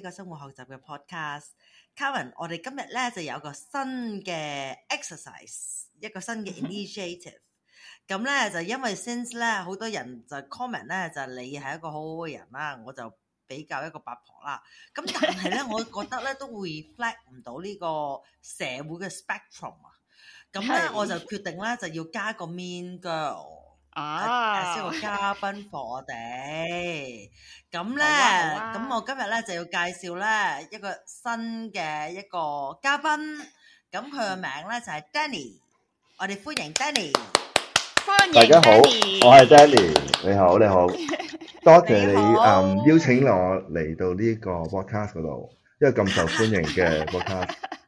呢個生活學習嘅 podcast，Carmen，我哋今日咧就有個新嘅 exercise，一個新嘅 initiative。 咁咧就因為 since 咧好多人就 comment 咧就你係一個好好嘅人啦，我就比較一個八婆啦。咁但係咧，我覺得咧都 reflect 唔到呢個社會嘅 spectrum 啊。咁咧 我就決定咧就要加個 mean girl。啊！介紹個嘉賓過我哋，咁咧，咁我今日咧就要介紹咧一個新嘅一個嘉賓，咁佢嘅名咧就係 Denny，我哋歡迎 Denny，歡迎。大家好，我係 Denny，你好，你好，多謝你誒邀請我嚟到呢個 podcast 嗰度，因為咁受歡迎嘅 podcast。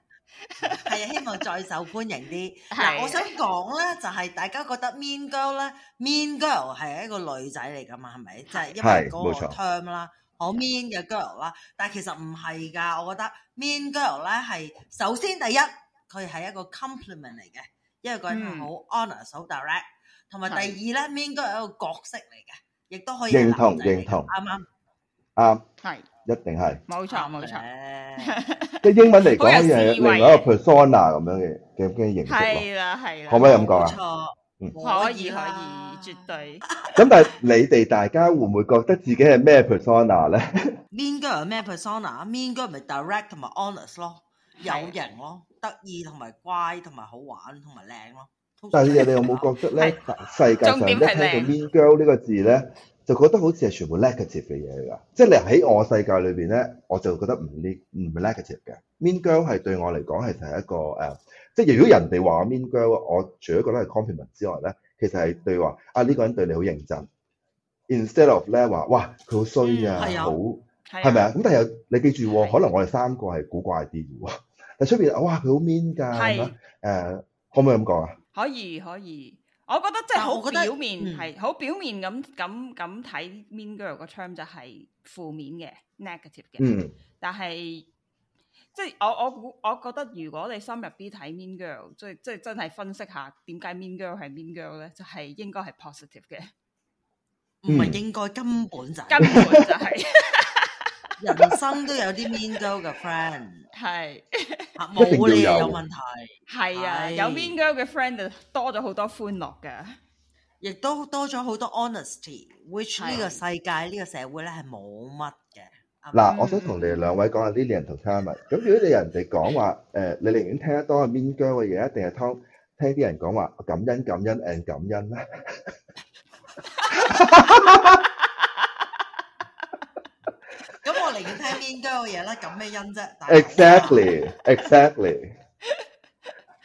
係啊，希望再受歡迎啲。嗱、呃，我想講咧，就係、是、大家覺得 mean girl 咧，mean girl 係一個女仔嚟噶嘛，係咪？就係因為嗰個 term 啦，好 mean 嘅 girl 啦。但係其實唔係噶，我覺得 mean girl 咧，係首先第一，佢係一個 compliment 嚟嘅，因為佢好 honest、嗯、好 direct。同埋第二咧，mean girl 係一個角色嚟嘅，亦都可以認同認同啱啱。啊，係。一定係，冇錯冇錯。即係英文嚟講，係另外一個 persona 咁樣嘅嘅嘅形象。係啦係啦，可唔可以咁講啊？冇錯，可以可以，絕對。咁但係你哋大家會唔會覺得自己係咩 persona 咧？Mean girl 係咩 persona？Mean girl 咪 direct 同埋 honest 咯，有型咯，得意同埋乖同埋好玩同埋靚咯。但係你哋有冇覺得咧？世界上一睇到 mean girl 呢個字咧？佢覺得好似係全部 negative 嘅嘢嚟㗎，即係你喺我世界裏邊咧，我就覺得唔呢唔 negative 嘅。mean girl 係對我嚟講係就係一個誒，即係如果人哋話 mean girl，我除咗覺得係 compliment 之外咧，其實係對話啊呢個人對你好認真。Instead of 咧話哇佢好衰啊，好係咪啊？咁但係又你記住，可能我哋三個係古怪啲嘅喎。但出邊哇佢好 mean 㗎咁啊？誒可唔可以咁講啊？可以可以。我覺得即係好表面，係好、嗯、表面咁咁咁睇 mean girl 個 term 就係負面嘅 negative 嘅。嗯、但係即係我我估我覺得如果你深入啲睇 mean girl 即係即係真係分析下點解 mean girl 係 mean girl 咧，就係、是、應該係 positive 嘅。唔係應該根本就是嗯、根本就係、是。 人生都有啲 mean girl 嘅 friend，係，冇你係有問題，係啊，有 mean girl 嘅 friend 就多咗好多歡樂嘅，亦都多咗好多 honesty，which 呢個世界呢個社會咧係冇乜嘅。嗱，我想同你哋兩位講下 Lilian 同 Carmen，咁如果你人哋講話，誒，你寧願聽得多 mean girl 嘅嘢，一定係聽聽啲人講話感恩感恩 and 感恩啦。嚟要聽邊個嘢咧？感恩啫，Exactly，Exactly。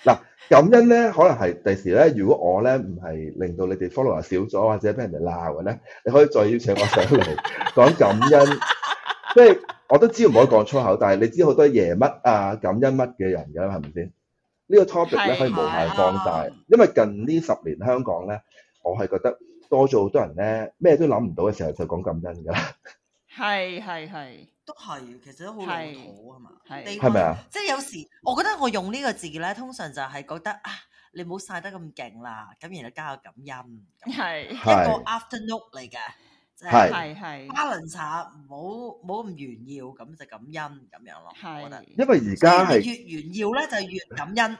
嗱，感恩咧，可能係第時咧。如果我咧唔係令到你哋 follower 少咗，或者俾人哋鬧嘅咧，你可以再邀請我上嚟講感恩。即係我都知唔可以講粗口，但係你知好多嘢乜啊，感恩乜嘅人噶啦，係咪先？呢個 topic 咧可以無限放大，因為近呢十年香港咧，我係覺得多咗好多人咧，咩都諗唔到嘅時候就講感恩噶啦。係係係，都係，其實都好老土係嘛，係咪啊？即係有時，我覺得我用呢個字咧，通常就係覺得啊，你唔好晒得咁勁啦，咁然後加個感恩，係一個 afternoon 嚟嘅，係係 balance，唔好唔好咁炫耀，咁就感恩咁樣咯，係，可能因為而家係越炫耀咧就係越感恩，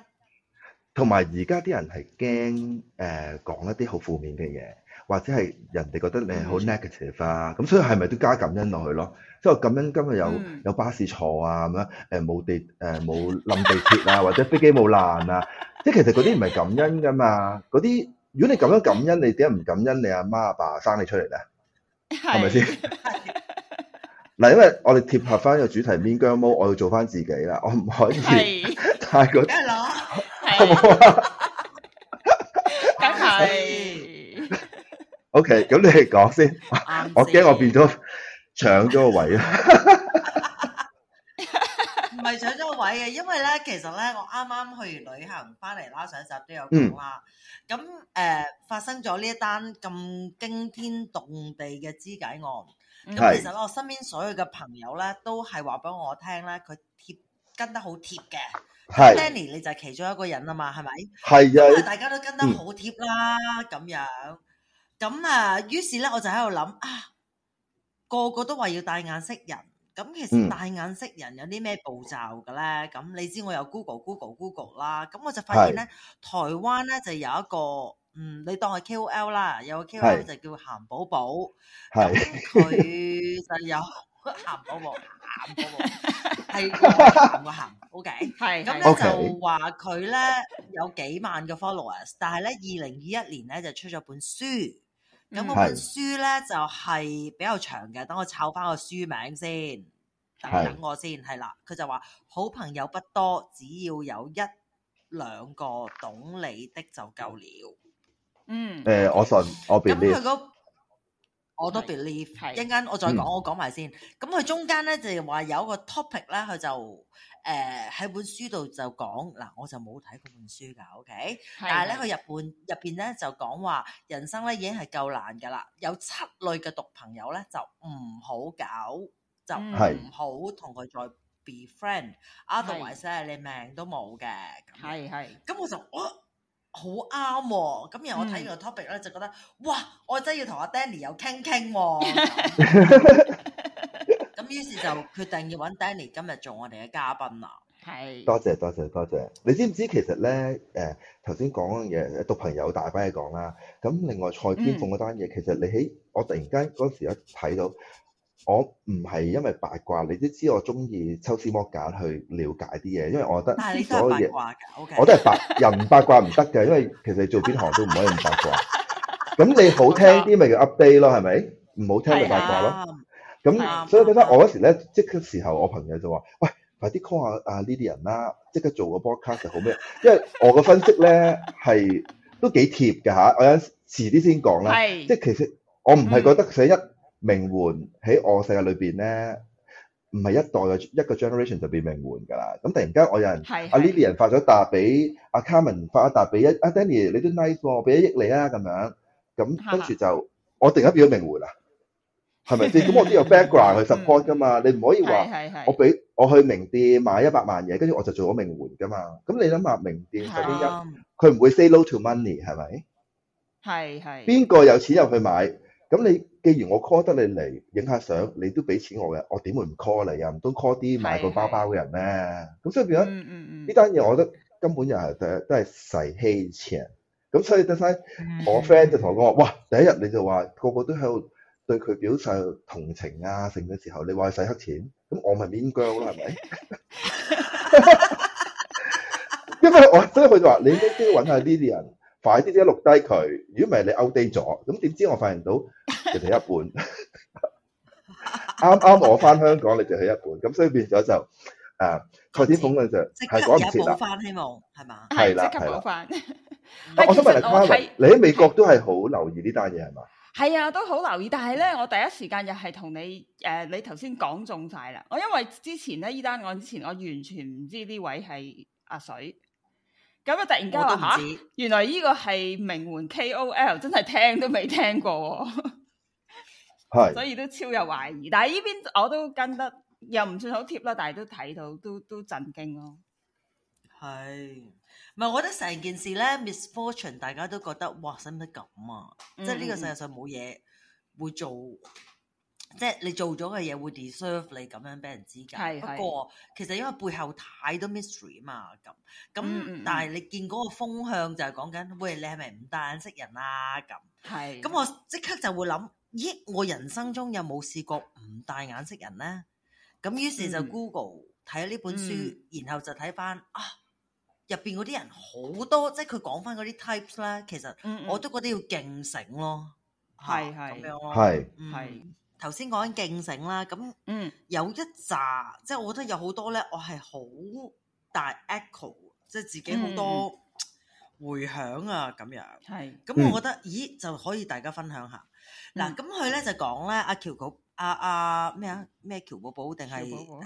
同埋而家啲人係驚誒講一啲好負面嘅嘢。或者係人哋覺得你係好 negative 啊，咁所以係咪都加感恩落去咯？即係感恩今日有有巴士坐啊，咁樣誒冇地誒冇冧地鐵啊，或者飛機冇爛啊，即係其實嗰啲唔係感恩噶嘛。嗰啲如果你感恩感恩，你點解唔感恩你阿媽阿爸生你出嚟咧？係咪先？嗱，因為我哋貼合翻個主題 mean girl mode，我要做翻自己啦，我唔可以太過。係咯，好冇啊！梗係。O.K.，咁你哋講先，嗯、我驚我變咗搶咗個位啊！唔係搶咗個位嘅，因為咧，其實咧，我啱啱去旅行翻嚟啦，上集都有講啦。咁誒、嗯呃，發生咗呢一單咁驚天動地嘅肢解案。咁其實呢是我身邊所有嘅朋友咧，都係話俾我聽咧，佢貼跟得好貼嘅。Denny，是你就係其中一個人啊嘛，係咪？係啊的，是大家都跟得好貼啦，咁樣。咁啊，於是咧，我就喺度諗啊，個個都話要帶眼識人，咁其實帶眼識人有啲咩步驟嘅咧？咁、嗯、你知我有 Google、Google、Google、Google 啦，咁我就發現咧，是台灣咧就有一個，嗯，你當係 KOL 啦，有個 KOL 就叫涵寶寶，係佢是就有涵寶寶、涵寶寶，係個涵個涵，OK，係咁就話佢咧有幾萬個 followers，但係咧二零二一年咧就出咗本書。有本、嗯、書咧是就係比較長嘅，等我抄翻個書名先。等等我先，係啦的，佢就話好朋友不多，只要有一兩個懂你的就夠了。嗯，誒、呃，我信我俾佢。嗯，那我都 believe，一陣間我再講，嗯、我講埋先。咁、嗯、佢、嗯、中間咧就話有一個 topic 咧，佢就誒喺本書度就講，嗱我就冇睇過本書㗎，OK？是但係咧佢入便入邊咧就講話人生咧已經係夠難㗎啦，有七類嘅毒朋友咧就唔好搞，就唔好同佢再 befriend，otherwise 係你命都冇嘅。係係，咁我就我。好啱，咁、哦、然後我睇完個 topic 咧，嗯、就覺得哇，我真係要同阿 Danny 有傾傾喎。咁於 是就決定要搵 Danny 今日做我哋嘅嘉賓啦。係，多謝多謝多謝。你知唔知其實咧？誒、呃，頭先講嘅毒朋友大班嘢講啦。咁另外蔡天鳳嗰單嘢，嗯、其實你喺我突然間嗰時一睇到。我唔係因為八卦，你都知我中意抽絲剝繭去了解啲嘢，因為我覺得所有嘢，我都係八人八卦唔得嘅，因為其實做邊行都唔可以咁八卦。咁你好聽啲咪叫 update 咯，係咪？唔好聽咪八卦咯。咁所以覺得我嗰時咧，即刻時候，我朋友就話：喂，快啲 call 下啊呢啲人啦，即刻做個 broadcast 就好咩？因為我個分析咧係都幾貼嘅嚇，我有遲啲先講啦。係，即係其實我唔係覺得寫一。名媛喺我世界裏邊咧，唔係一代一個 generation 就變名媛噶啦。咁突然間我有人阿 Lilian 發咗一達俾阿 Carmen 發一達俾一阿 Denny，你都 nice，我俾一億你啊咁樣。咁跟住就我突然間變咗名媛啦，係咪先？咁我都有 background 去 support 噶嘛。你唔可以話我俾我去名店買一百萬嘢，跟住我就做咗名媛噶嘛。咁你諗下名店首先，佢唔會 say no to money 係咪？係係。邊個有錢又去買？咁你？既然我 call 得你嚟影下相，你都俾錢我嘅，我點會唔 call 你啊？唔通 call 啲買過包包嘅人咩？咁所以變咗呢單嘢，我覺得根本又係就係真係洗黑錢。咁所以得晒啲 friend 就同我講話，哇！第一日你就話個個都喺度對佢表示同情啊，剩嘅時候你話佢洗黑錢，咁我咪 mean girl 啦，係咪？因為我真係佢就話你都都要揾下呢啲人。快啲啲錄低佢，如果唔係你歐低咗，咁點知我發現到佢哋一半，啱 啱我翻香港， 你就係一半，咁所以變咗就誒，蔡天鳳咧就係講唔切啦。即刻翻希望係嘛？係啦，係啦、嗯。我我想問你，阿你喺美國都係好留意呢單嘢係嘛？係啊，都好留意，但係咧，我第一時間又係同你誒，uh, 你頭先講中晒啦。我因為之前咧呢單，案之前我，之前我完全唔知呢位係阿水。咁啊！突然間話吓、啊，原來呢個係名媛 KOL，真係聽都未聽過、哦，係 是，所以都超有懷疑。但係呢邊我都跟得又唔算好貼啦，但係都睇到都都震驚咯、哦。係，唔係我覺得成件事咧 misfortune，大家都覺得哇，使唔使咁啊？嗯、即係呢個世界上冇嘢會做。即係你做咗嘅嘢會 deserve 你咁樣俾人知噶。是是不過其實因為背後太多 mystery 啊嘛，咁咁，但係你見嗰個風向就係講緊，喂，你係咪唔戴眼識人啊？咁係。咁是 我即刻就會諗，咦，我人生中有冇試過唔戴眼識人咧？咁於是就 Google 睇呢是是 本書，是是是然後就睇翻，啊，入邊嗰啲人好多，即係佢講翻嗰啲 types 咧，其實我都覺得要勁醒咯，係係咁樣咯、啊，係係是是。的頭先講緊勁醒啦，咁有一紮，嗯、即係我覺得有好多咧，我係好大 echo，即係自己好多回響啊，咁、嗯嗯、樣。係，咁我覺得，咦，就可以大家分享下。嗱，咁佢咧就講、是、咧，阿喬寶，阿阿咩啊，咩喬寶寶定係唔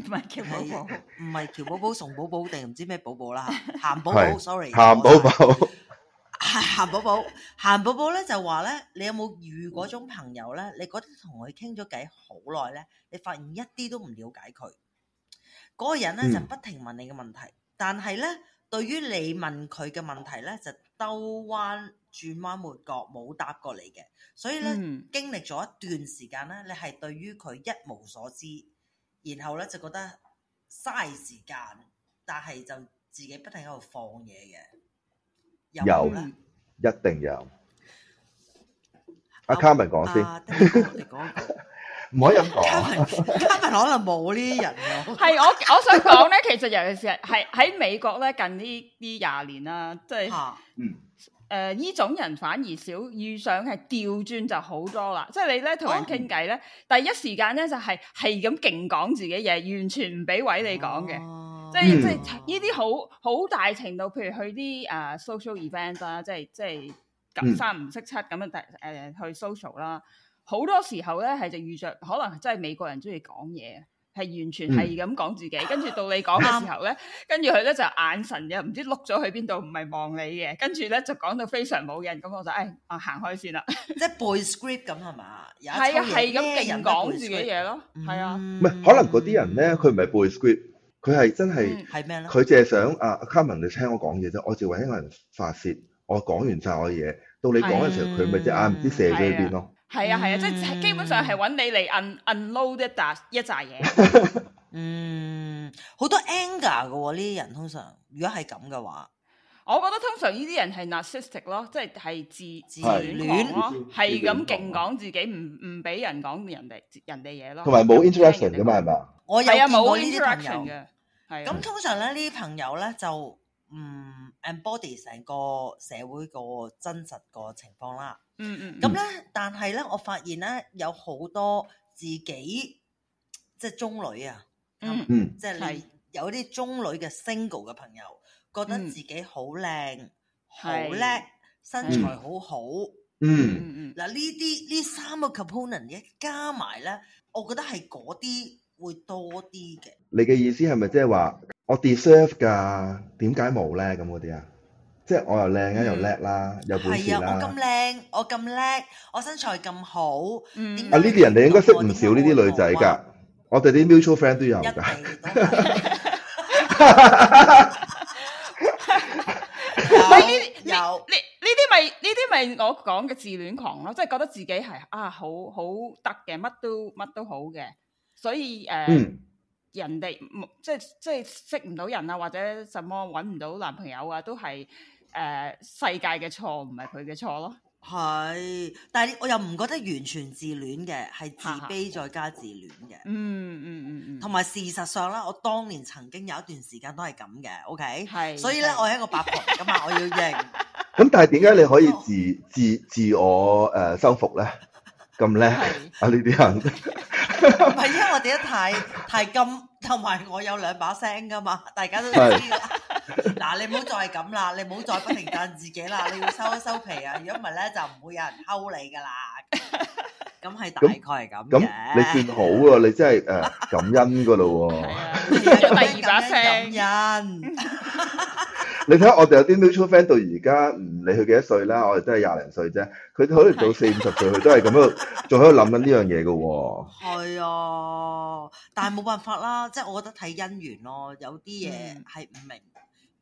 係喬寶寶？唔係喬寶寶，熊寶寶定唔知咩寶寶啦？涵寶寶 是，sorry，涵寶寶。涵寶寶，涵寶寶咧就話咧，你有冇遇嗰種朋友咧？你嗰啲同佢傾咗偈好耐咧，你發現一啲都唔了解佢，嗰個人咧就不停問你嘅問題，但係咧對於你問佢嘅問題咧就兜彎、轉彎抹角冇答過你嘅，所以咧經歷咗一段時間咧，你係對於佢一無所知，然後咧就覺得嘥時間，但係就自己不停喺度放嘢嘅，有啦。有一定有，阿 Carmen 講先，唔 可以咁講，Carmen Car men, 可能冇呢啲人咯，係 我我想講咧，其實尤其是係喺美國咧近呢呢廿年啦、啊，即、就、係、是，誒呢、啊呃、種人反而少，遇上係掉轉就好多啦，啊、即係你咧同人傾偈咧，第一時間咧就係係咁勁講自己嘢，完全唔俾位你講嘅。啊嗯、即係即係呢啲好好大程度，譬如去啲誒 social event 啦，即係即係咁三唔識七咁樣，誒去 social 啦。好多時候咧，係就遇着，可能真係美國人中意講嘢，係完全係咁講自己，跟住、嗯、到你講嘅時候咧，跟住佢咧就眼神又唔知碌咗去邊度，唔係望你嘅，跟住咧就講到非常冇癮，咁我就誒啊行開先啦。即係背 script 咁係嘛？係啊，係咁勁講住嘅嘢咯，係啊、嗯。唔係可能嗰啲人咧，佢唔係背 script。佢係真係，佢淨係想啊，Carmen，你聽我講嘢啫。我就揾一個人發泄，我講完晒我嘅嘢，到你講嘅時候，佢咪隻眼唔知射咗去邊咯。係啊係啊，即係基本上係揾你嚟 un unload 一打一拃嘢。嗯，好多 anger 嘅喎，呢啲人通常，如果係咁嘅話，我覺得通常呢啲人係 narcissistic 咯，即係係自自戀咯，係咁勁講自己，唔唔俾人講人哋人哋嘢咯。同埋冇 interaction 㗎嘛係咪啊？我有啊冇 interaction 嘅。咁通常咧，呢啲朋友咧就唔 embody 成個社會個真實個情況啦。嗯嗯。咁、嗯、咧，但係咧，我發現咧，有好多自己即係中女啊。嗯嗯。嗯即係嚟是有啲中女嘅 single 嘅朋友，覺得自己好靚，好叻，嗯，是身材好好。嗯嗯是嗯。嗱、嗯，呢啲呢三個 component 一加埋咧，我覺得係嗰啲。會多啲嘅。你嘅意思係咪即係話我 deserve 噶？點解冇咧？咁嗰啲啊？即係我又靚啊，又叻啦，又本事啦。係啊，我咁靚，我咁叻，我身材咁好，嗯。啊，呢啲人哋應該識唔少呢啲女仔噶，我哋啲 mutual friend 都有噶。 有有呢？呢啲咪呢啲咪我講嘅自戀狂咯，即係覺得自己係啊好好得嘅，乜都乜都好嘅。所以誒，uh, um, 人哋即係即係識唔到人啊，或者什麼搵唔到男朋友啊，都係誒世界嘅錯，唔係佢嘅錯咯。係，但係我又唔覺得完全自戀嘅，係自卑再加自戀嘅。嗯嗯嗯，同埋事實上啦，我當年曾經有一段時間都係咁嘅。O K，係。所以咧，我係一個八婆嚟噶嘛，我要認。咁但係點解你可以自自自,自我誒修復咧？咁叻啊！呢啲人。唔係，因為我哋一睇係咁，同埋我有兩把聲噶嘛，大家都知。嗱，你唔好再咁啦，你唔好再，再不停讚自己啦，你要收一收皮啊！如果唔係咧，就唔會有人溝你噶啦。咁係大概係咁嘅。咁 你算好喎，你真係誒感恩噶咯喎。第二把聲感恩。 你睇下，我哋有啲 mutual friend 到而家，唔理佢幾多歲啦，我哋都係廿零歲啫。佢可能到四五十歲，佢都係咁樣，仲喺度諗緊呢樣嘢嘅喎。係啊，但係冇辦法啦，即係我覺得睇姻緣咯，有啲嘢係唔明，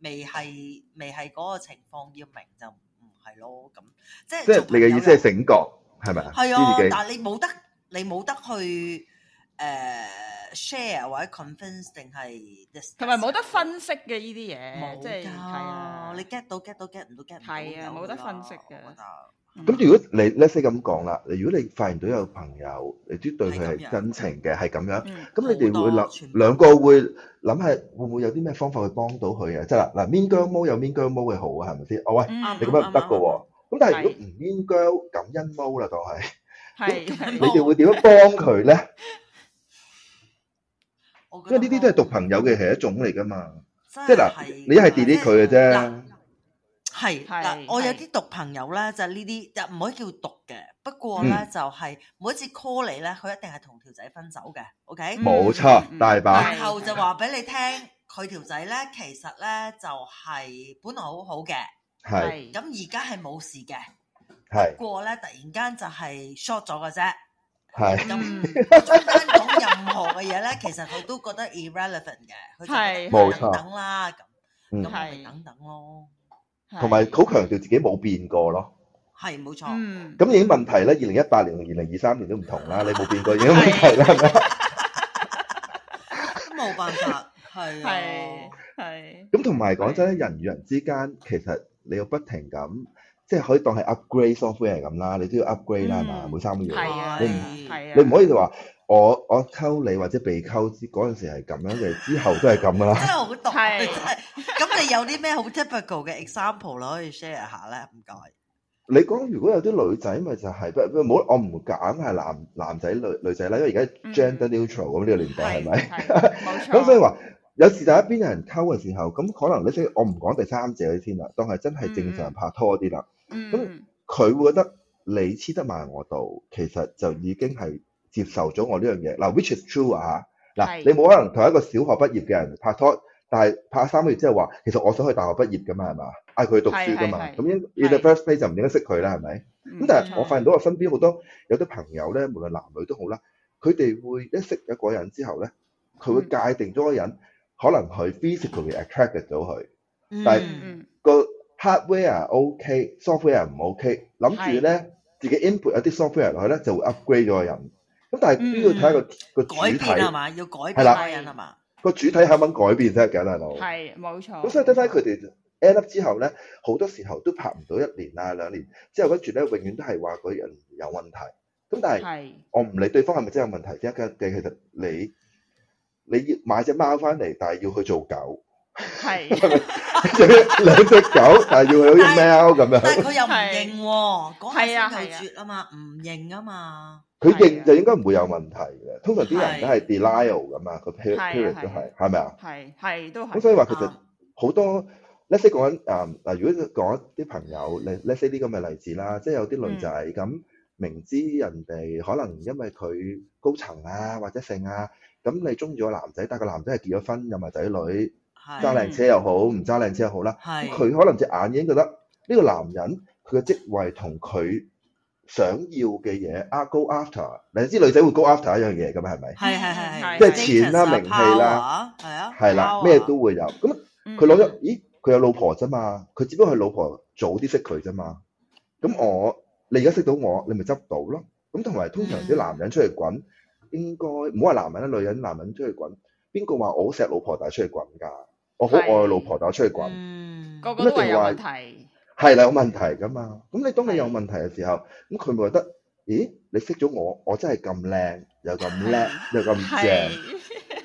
未係未係嗰個情況要明就唔係咯。咁即係即係你嘅意思係醒覺係咪啊？係啊，但係你冇得你冇得去。誒，share 或者 convince 定係同埋冇得分析嘅呢啲嘢，即係係啊，你 get 到 get 到 get 唔到 get 唔到，係啊，冇得分析嘅。咁如果你 let 咁講啦，你如果你發現到有朋友，你都對佢係真情嘅，係咁樣，咁你哋會諗兩個會諗係會唔會有啲咩方法去幫到佢啊？即係嗱嗱，mean girl mo 有 mean girl mo 嘅好啊，係咪先？哦喂，你咁樣唔得嘅，咁但係如果唔 mean girl 感恩 mo 啦，就係，係你哋會點樣幫佢咧？因為呢啲都係毒朋友嘅，係一種嚟噶嘛。的是是的即係嗱，你係 delete 佢嘅啫。係嗱而，我有啲毒朋友咧，就呢啲就唔可以叫毒嘅。不過咧，就係每一次 call 你咧，佢、嗯、一定係同條仔分手嘅。OK？冇錯，大把。然後就話俾你聽，佢條仔咧，其實咧就係本來好好嘅。係。咁而家係冇事嘅。係。過咧，突然間就係 short 咗嘅啫。係咁，中間講任何嘅嘢咧，其實佢都覺得 irrelevant 嘅，佢就係冇錯，等等啦，咁咁等等咯。同埋好強調自己冇變過咯，係冇錯。咁已經問題咧，二零一八年同二零二三年都唔同啦，你冇變過已經問題啦。冇辦法，係係係。咁同埋講真，人與人之間，其實你要不停咁。即係可以當係 upgrade software 係咁啦，你都要 upgrade 啦，係嘛、嗯？每三個月，你唔你唔可以就話我我溝你或者被溝嗰陣時係咁樣嘅，之後都係咁噶啦。真係好懂，係是。咁 你有啲咩好 typical 嘅 example 可以 share 下咧？唔該。你講如果有啲女仔咪就係、是、不唔好我唔揀係男男仔女女仔啦，因為而家 gender neutral 咁呢個年代係咪？冇錯。咁所以話有時就一邊有人溝嘅時候，咁可能你呢啲我唔講第三者先啦，當係真係正常拍拖啲啦。嗯嗯，咁佢會覺得你黐得埋我度，其實就已經係接受咗我呢樣嘢。嗱，which is true 啊，嗱是，你冇可能同一個小學畢業嘅人拍拖，但係拍咗三個月之後話，其實我想去大學畢業噶嘛，係嘛？嗌、啊、佢去讀書噶嘛，咁應 in the first place 就唔應該識佢啦，係咪？咁但係我發現到我身邊好多有啲朋友咧，無論男女都好啦，佢哋會一識一個人之後咧，佢會界定咗個人，嗯、可能佢 physically attracted 到佢，但係、嗰個。嗯嗯。Hardware OK，software 唔 OK，諗住咧自己 input 一啲 software 落去咧就會 upgrade 咗個人。咁但係都要睇下個個主體係嘛，要改變個人係嘛？個主體肯唔肯改變先得嘅，大佬。係冇錯。咁所以真係佢哋 end up 之後咧，好多時候都拍唔到一年啊兩年，之後跟住咧永遠都係話嗰人有問題。咁但係我唔理對方係咪真係有問題，即係其實你你要買隻貓翻嚟，但係要去做狗。係兩隻狗，但係要好似貓咁樣，但係佢又唔認，嗰下又絕啊嘛，唔認啊嘛。佢認就應該唔會有問題嘅。通常啲人都係 denial 嘅嘛，個 period period 都係，係咪啊？係係都係。咁所以話其實好多，let’s say 講緊嗱，如果講一啲朋友，let’s say 啲咁嘅例子啦，即係有啲女仔咁，明知人哋可能因為佢高層啊或者性啊，咁你中意個男仔，但係個男仔係結咗婚有埋仔女。揸靚是車又好，唔揸靚車又好啦。咁佢是可能隻眼已經覺得呢個男人佢嘅職位同佢想要嘅嘢，I go after。嗱，你知女仔會 go after 一樣嘢，咁係咪？係係係係，即係是錢啦、是是名氣啦，係啊，係啦，咩 Power 都會有。咁佢攞咗，咦？佢有老婆啫嘛？佢只不過係老婆早啲識佢啫嘛。咁我你而家識到我，你咪執到咯。咁同埋通常啲男人出去滾的，應該唔好話男人啦，女人、男人出去滾，邊個話我錫老婆仔出去滾噶？我好愛老婆，但我出去滾，一定話係啦，有問題㗎嘛？咁你當你有問題嘅時候，咁佢咪覺得？咦，你識咗我，我真係咁靚又咁叻又咁正，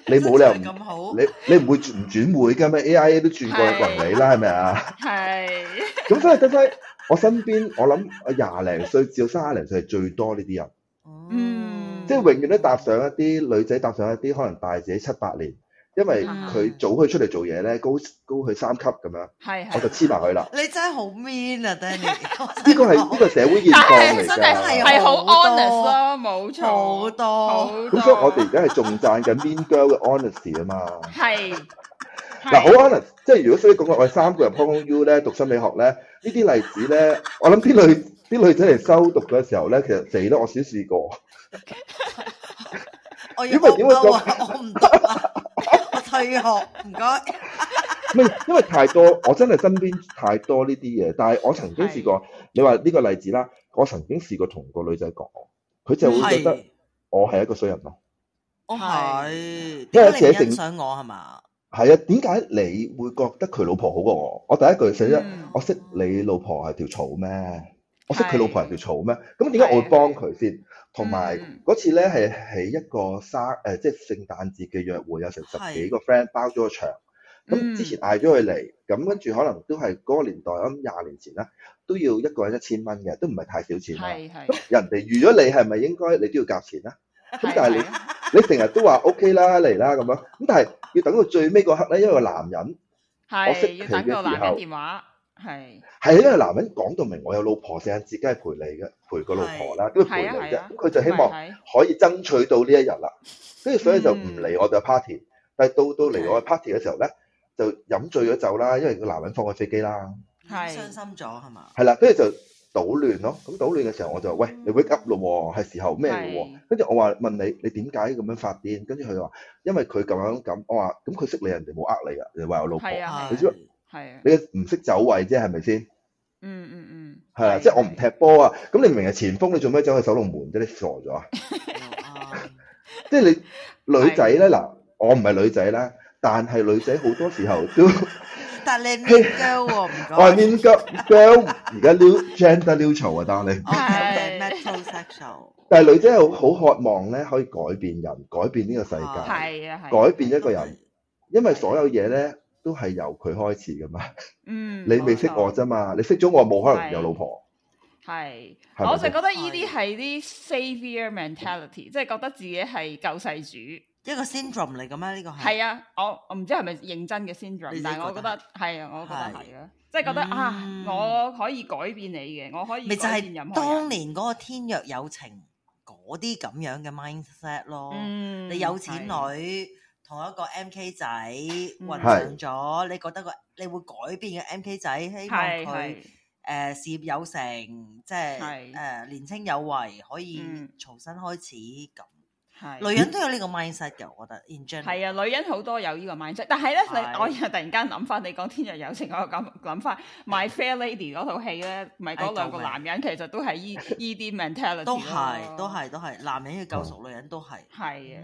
你冇理由唔你你唔會唔轉會㗎咩？AIA 都轉過人嚟啦，係咪啊？係。咁所以真真，我身邊我諗廿零歲至到三十零歲係最多呢啲人，即係永遠都搭上一啲女仔，搭上一啲可能大自己七八年。因為佢早佢出嚟做嘢咧，高高佢三級咁樣，我就黐埋佢啦。你真係好 mean 啊，Danny！呢個係呢個社會現象嚟噶，係好 honest 咯，冇錯。好多好多。咁所以，我哋而家係仲讚緊 mean girl 嘅 honesty 啊嘛。係。嗱，好 honest，即係如果所以講我哋三個人喺 Hong Kong U 咧，讀心理學咧，呢啲例子咧，我諗啲女啲女仔嚟修讀嘅時候咧，其實死得，我少試過。點會點會收？我唔收啊！退學唔該，唔係 因為太多，我真係身邊太多呢啲嘢。但係我曾經試過，是你話呢個例子啦，我曾經試過同個女仔講，佢就會覺得我係一個衰人咯。我係，因為你欣賞我係嘛？係啊？點解你會覺得佢老婆好過我？我第一句首先，嗯、我識你老婆係條草咩？我識佢老婆係條草咩？咁點解我會幫佢先？同埋嗰次咧係喺一個生誒、呃，即係聖誕節嘅約會，有成十幾個 friend 包咗個場。咁的之前嗌咗佢嚟，咁、嗯、跟住可能都係嗰個年代，咁廿年前啦，都要一個人一千蚊嘅，都唔係太少錢啦。的人哋預咗你係咪應該你都要夾錢啊？咁但係你的你成日都話 OK 啦嚟啦咁樣，咁但係要等到最尾嗰刻咧，因為個男人我識佢嘅時候。係，係因為男人講到明，我有老婆，成日自己係陪你嘅，陪個老婆啦，跟住陪你啫。咁佢就希望可以爭取到呢一日啦。跟住所以就唔嚟我哋 party，但係到到嚟我嘅 party 嘅時候咧，就飲醉咗酒啦。因為個男人放個飛機啦，係傷心咗係嘛？係啦，跟住就搗亂咯。咁搗亂嘅時候，我就喂，你 wake up 咯，係時候咩嘅？跟住我話問你，你點解咁樣發癲？跟住佢就話因為佢咁樣咁，我話咁佢識你人哋冇呃你噶，你話我老婆，你知嘛？你唔識走位啫，係咪先？嗯嗯嗯。係啊，即係我唔踢波啊，咁你明唔明係前鋒，你做咩走去守龍門啫？你傻咗啊？即係你女仔咧嗱，我唔係女仔啦，但係女仔好多時候都。但你 mean girl 喎。我係 mean girl girl，而家 new gender new 潮啊，得你。係。但係女仔好好渴望咧，可以改變人，改變呢個世界。係啊係。改變一個人，因為所有嘢咧。都係由佢開始噶嘛？嗯，你未識我啫嘛？你識咗我冇可能有老婆。係，我就覺得依啲係啲 savior mentality，即係覺得自己係救世主。一個 syndrome 嚟噶嘛。呢個係係啊！我我唔知係咪認真嘅 syndrome，但係我覺得係啊！我覺得係啊，即係覺得啊，我可以改變你嘅，我可以改變任何人。當年嗰個天若有情嗰啲咁樣嘅 mindset 咯，你有錢女。同一個 MK 仔混上咗，你覺得個你會改變嘅 MK 仔？希望佢誒事業有成，即係誒年青有為，可以重新開始咁。係女人都有呢個 mindset 嘅，我覺得，in general。係啊，女人好多有呢個 mindset，但係咧，你我又突然間諗翻你講天若有情，我又諗諗翻 My Fair Lady 嗰套戲咧，咪嗰兩個男人其實都係依依啲 mentality，都係都係都係男人要救贖女人都係，係啊。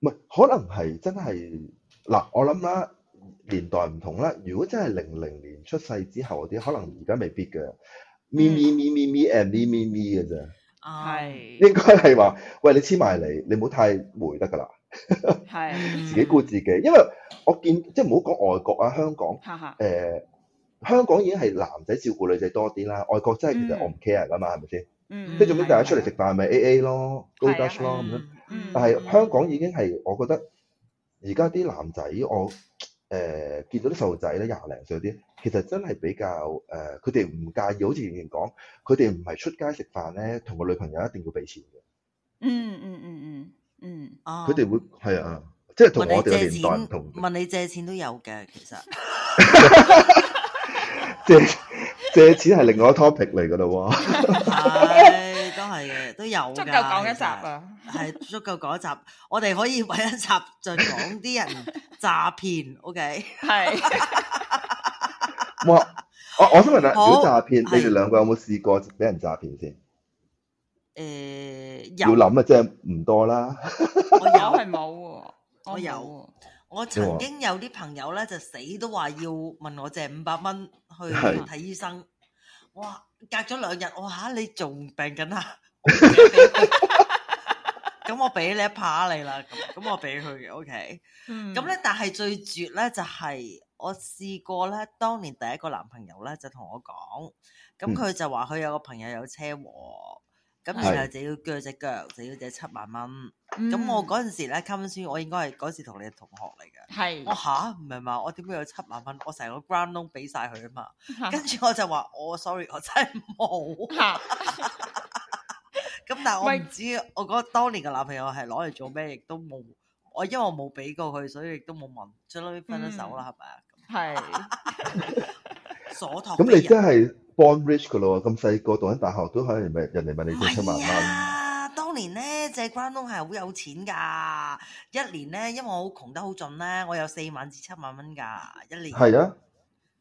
唔係，可能係真係嗱，我諗啦，年代唔同啦。如果真係零零年出世之後嗰啲，可能而家未必嘅。咪咪咪咪咪 a d 咪咪咪嘅啫，係應該係話，喂，你黐埋嚟，你唔好太霉得噶啦，係自己顧自己。因為我見即係唔好講外國啊，香港，誒，香港已經係男仔照顧女仔多啲啦。外國真係其實我唔 care 噶嘛，係咪先？即係總之大家出嚟食飯咪 A A 咯，Go Dutch 咯咁樣。嗯、但係香港已經係，我覺得而家啲男仔，我、呃、誒見到啲細路仔咧，廿零歲啲，其實真係比較誒，佢哋唔介意，好似以前講，佢哋唔係出街食飯咧，同個女朋友一定要俾錢嘅、嗯。嗯嗯嗯嗯嗯，哦、嗯，佢哋會係啊，即係同我哋嘅年代唔同問。問你借錢都有嘅，其實， 借借錢係另外一個 topic 嚟噶咯。 係嘅，都有足夠講一集啊！係足夠講一集，我哋可以搵一集再講啲人詐騙。O K，係。哇！我我想問下，好如果詐騙，的你哋兩個有冇試過俾人詐騙先？誒、呃，有要諗啊，即係唔多啦。我有係冇？我有，我曾經有啲朋友咧，就死都話要問我借五百蚊去睇醫生。我話的隔咗兩日，我吓你仲病緊啊！咁 無 esta pe ño 我俾你一拍你啦，咁我俾佢嘅，O K。咁、okay? 咧、嗯，但係最絕咧就係、是，我試過咧，當年第一個男朋友咧就同我講，咁佢就話佢有個朋友有車禍，咁然後就要鋸隻腳，就要借七萬蚊。咁我嗰陣時咧，開玩我應該係嗰時同你同學嚟嘅。係是我吓唔係嘛，我點解有七萬蚊？我成個 grand 窿俾晒佢啊嘛，跟住 我就話我、哦、sorry，我真係冇。咁但係我唔知，是我覺得當年嘅男朋友係攞嚟做咩，亦都冇我，因為我冇俾過佢，所以亦都冇問，差唔多分咗手啦，係咪啊？係是吧。所 托。咁你真係 born rich 噶咯？咁細個讀緊大學都係咪人哋問你借七萬蚊啊？當年咧借關東係好有錢噶，一年咧因為我好窮得好盡咧，我有四萬至七萬蚊噶一年。係啊。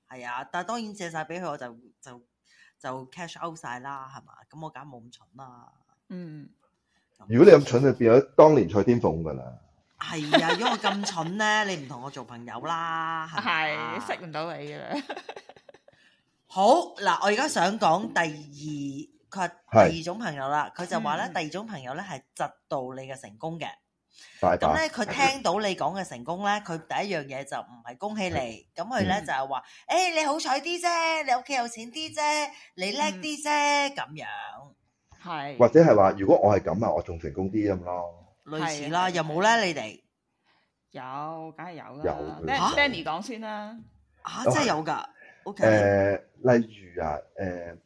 係啊，但係當然借晒俾佢，我就就。就就 cash out 晒啦，係嘛？咁我梗冇咁蠢啦。嗯，如果你咁蠢，就變咗當年蔡天鳳噶啦。係啊，因為我咁蠢咧，你唔同我做朋友啦，係識唔到你噶啦。好嗱，我而家想講第二，佢係第二種朋友啦。佢就話咧，第二種朋友咧係嫉妒你嘅成功嘅。咁咧，佢聽到你講嘅成功咧，佢第一樣嘢就唔係恭喜你，咁佢咧就係話，誒，你好彩啲啫，你屋企有錢啲啫，你叻啲啫，咁樣，係，或者係話，如果我係咁啊，我仲成功啲咁咯，類似啦，有冇咧？你哋有，梗係有啦。有。咩？Denny 講先啦。啊，真係有噶。O K。誒，例如啊，誒。